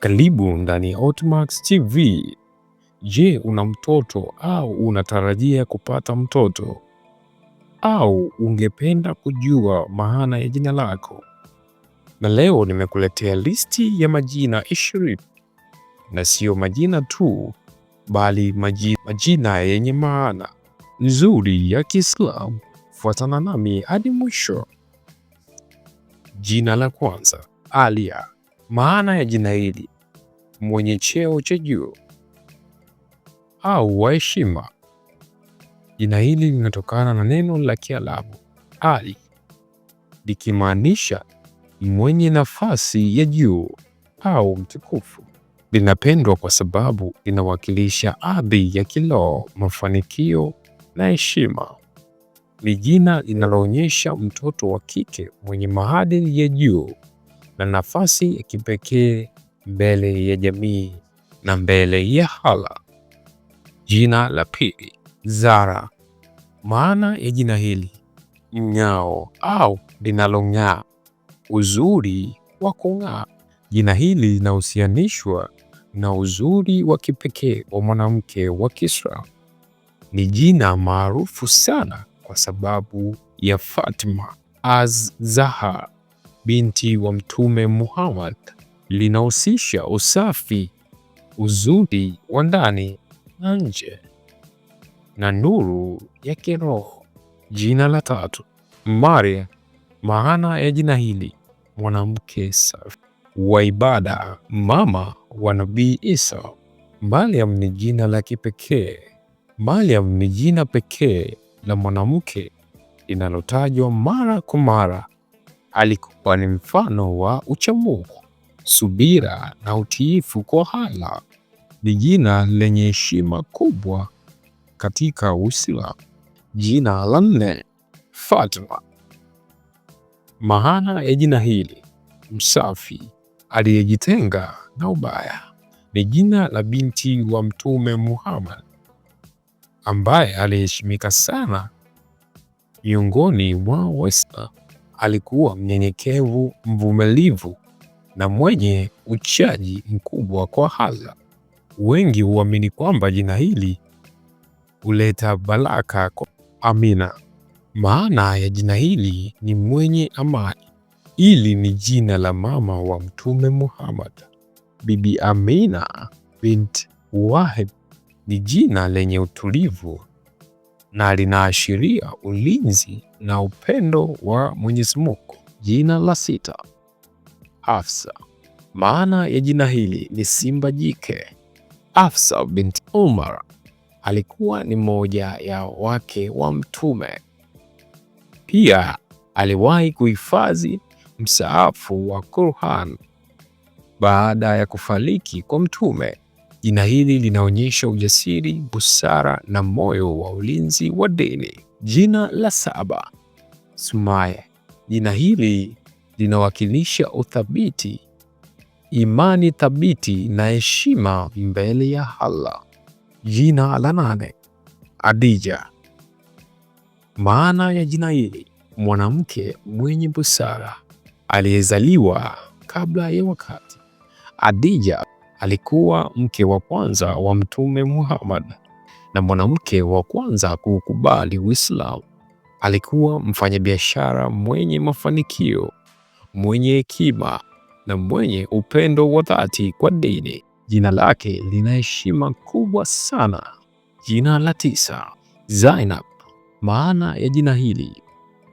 Karibu ndani ya Otmax TV. Je, una mtoto au unatarajia kupata mtoto au ungependa kujua maana ya jina lako? Na leo nimekuletea listi ya majina ishirini na siyo majina tu, bali majina, majina yenye maana nzuri ya Kiislamu. Fuatana nami hadi mwisho. Jina la kwanza, Alia. Maana ya jina hili mwenye cheo cha juu au wa heshima. Jina hili linatokana na neno la Kiarabu ali, likimaanisha mwenye nafasi ya juu au mtukufu. Linapendwa kwa sababu linawakilisha ardhi ya kiroho, mafanikio na heshima. Ni jina linaloonyesha mtoto wa kike mwenye maadili ya juu na nafasi ya kipekee mbele ya jamii na mbele ya hala. Jina la pili, Zara. Maana ya jina hili nyao au linalong'aa, uzuri wa kung'aa. Jina hili linahusianishwa na uzuri wa kipekee wa mwanamke wa Kisra. Ni jina maarufu sana kwa sababu ya Fatima az-Zahra, binti wa Mtume Muhammad linahusisha usafi, uzuri wa ndani na nje, na nuru ya kiroho. Jina la tatu, Maria. Maana ya jina hili mwanamke safi wa ibada, mama wa nabii Isa. Mariam ni jina la kipekee. Mariam ni jina pekee la mwanamke linalotajwa mara kwa mara. Alikuwa ni mfano wa uchamungu, subira na utiifu kwa hala. Ni jina lenye heshima kubwa katika Uislamu. Jina la nne, Fatma. Maana ya jina hili msafi, aliyejitenga na ubaya. Ni jina la binti wa Mtume Muhammad ambaye aliheshimika sana miongoni mwa Waislamu. Alikuwa mnyenyekevu, mvumilivu na mwenye uchaji mkubwa kwa haza Wengi huamini kwamba jina hili huleta baraka kwa Amina. Maana ya jina hili ni mwenye amani. Hili ni jina la mama wa Mtume Muhammad. Bibi Amina bint wahid ni jina lenye utulivu na linaashiria ulinzi na upendo wa Mwenyezi Mungu. Jina la sita Afsa. Maana ya jina hili ni simba jike. Afsa bint Umar alikuwa ni mmoja ya wake wa Mtume. Pia aliwahi kuhifadhi msaafu wa Qur'an. Baada ya kufariki kwa Mtume, jina hili linaonyesha ujasiri, busara na moyo wa ulinzi wa dini. Jina la saba, Sumaye. Jina hili linawakilisha uthabiti, imani thabiti na heshima mbele ya Allah. Jina la nane, Adija. Maana ya jina hili, mwanamke mwenye busara aliyezaliwa kabla ya wakati. Adija alikuwa mke wa kwanza wa Mtume Muhammad na mwanamke wa kwanza kuukubali Uislamu. Alikuwa mfanyabiashara mwenye mafanikio mwenye hekima na mwenye upendo wa dhati kwa dini. Jina lake lina heshima kubwa sana. Jina la tisa, Zainab. Maana ya jina hili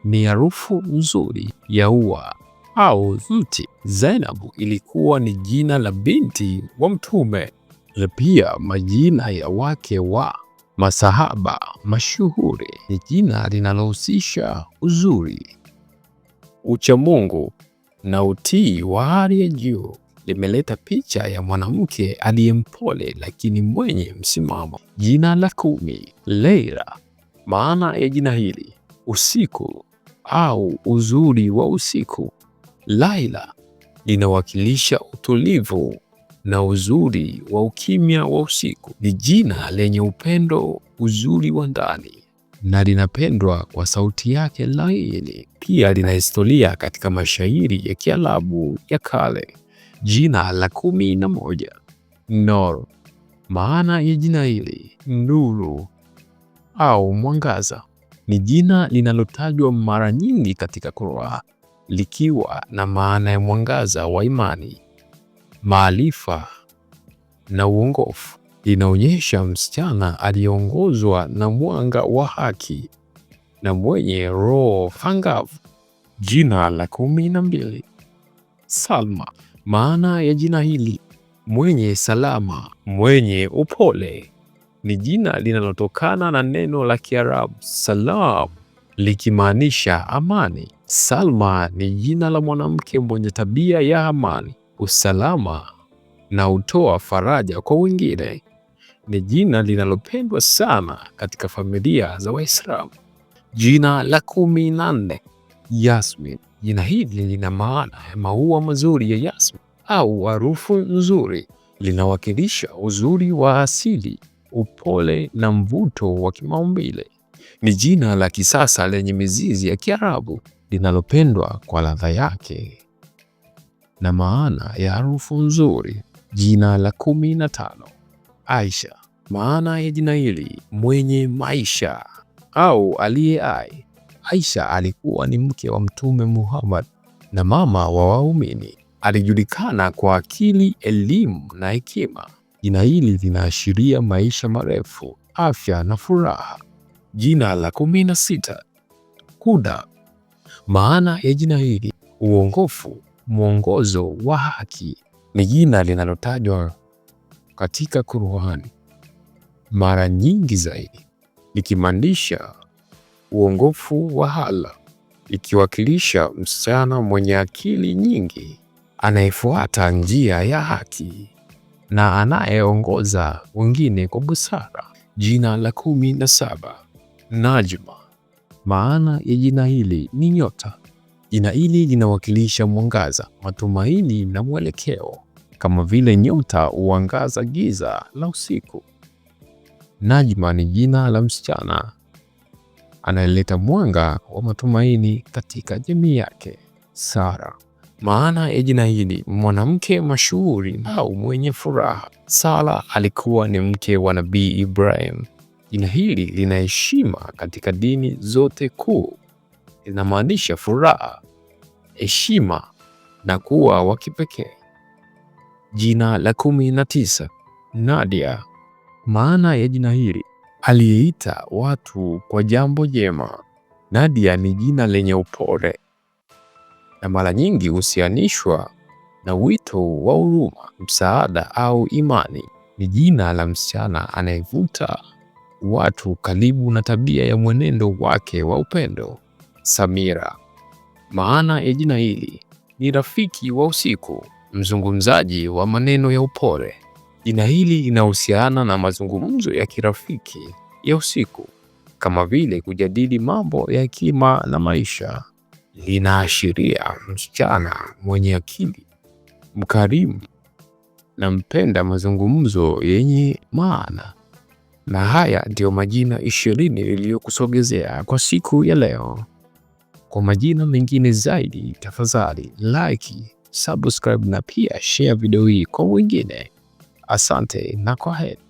ni harufu nzuri ya ua au mti. Zainab ilikuwa ni jina la binti wa Mtume na pia majina ya wake wa masahaba mashuhuri. Ni jina linalohusisha uzuri, uchamungu na utii wa hali ya juu limeleta picha ya mwanamke aliyempole lakini mwenye msimamo. Jina la kumi, Leila. Maana ya jina hili usiku au uzuri wa usiku. Laila linawakilisha utulivu na uzuri wa ukimya wa usiku. Ni jina lenye upendo, uzuri wa ndani na linapendwa kwa sauti yake laini. Pia lina historia katika mashairi ya Kiarabu ya kale. Jina la kumi na moja Nur. Maana ya jina hili nuru au mwangaza. Ni jina linalotajwa mara nyingi katika Qur'an likiwa na maana ya mwangaza wa imani, maarifa na uongofu linaonyesha msichana aliyeongozwa na mwanga wa haki na mwenye roho angavu. Jina la kumi na mbili, Salma. Maana ya jina hili mwenye salama, mwenye upole. Ni jina linalotokana na neno la Kiarabu salam, likimaanisha amani. Salma ni jina la mwanamke mwenye tabia ya amani, usalama na hutoa faraja kwa wengine ni jina linalopendwa sana katika familia za Waislamu. Jina la kumi na nne, Yasmin. Jina hili lina maana ya maua mazuri ya yasmin au harufu nzuri. Linawakilisha uzuri wa asili, upole na mvuto wa kimaumbile. Ni jina la kisasa lenye mizizi ya Kiarabu linalopendwa kwa ladha yake na maana ya harufu nzuri. Jina la kumi na tano Aisha. Maana ya jina hili mwenye maisha au aliye hai. Aisha alikuwa ni mke wa Mtume Muhammad na mama wa waumini. Alijulikana kwa akili, elimu na hekima. Jina hili linaashiria maisha marefu, afya na furaha. Jina la kumi na sita Huda. Maana ya jina hili uongofu, mwongozo wa haki. Ni jina linalotajwa katika Qur'ani mara nyingi zaidi, likimaanisha uongofu wa hala ikiwakilisha msichana mwenye akili nyingi anayefuata njia ya haki na anayeongoza wengine kwa busara. Jina la kumi na saba Najma. Maana ya jina hili ni nyota. Jina hili linawakilisha mwangaza, matumaini na mwelekeo kama vile nyota huangaza giza la usiku. Najma ni jina la msichana anayeleta mwanga wa matumaini katika jamii yake. Sara, maana ya jina hili mwanamke mashuhuri au mwenye furaha. Sara alikuwa ni mke wa Nabii Ibrahim. Jina hili lina heshima katika dini zote kuu, linamaanisha furaha, heshima na kuwa wa kipekee. Jina la kumi na tisa, Nadia. Maana ya jina hili, aliyeita watu kwa jambo jema. Nadia ni jina lenye upole na mara nyingi husianishwa na wito wa huruma, msaada au imani. Ni jina la msichana anayevuta watu karibu na tabia ya mwenendo wake wa upendo. Samira. Maana ya jina hili ni rafiki wa usiku mzungumzaji wa maneno ya upole. Jina hili linahusiana na mazungumzo ya kirafiki ya usiku, kama vile kujadili mambo ya hekima na maisha. Linaashiria msichana mwenye akili, mkarimu na mpenda mazungumzo yenye maana. Na haya ndiyo majina ishirini niliyokusogezea kwa siku ya leo. Kwa majina mengine zaidi, tafadhali like subscribe na pia share video hii kwa wengine. Asante na kwaheri.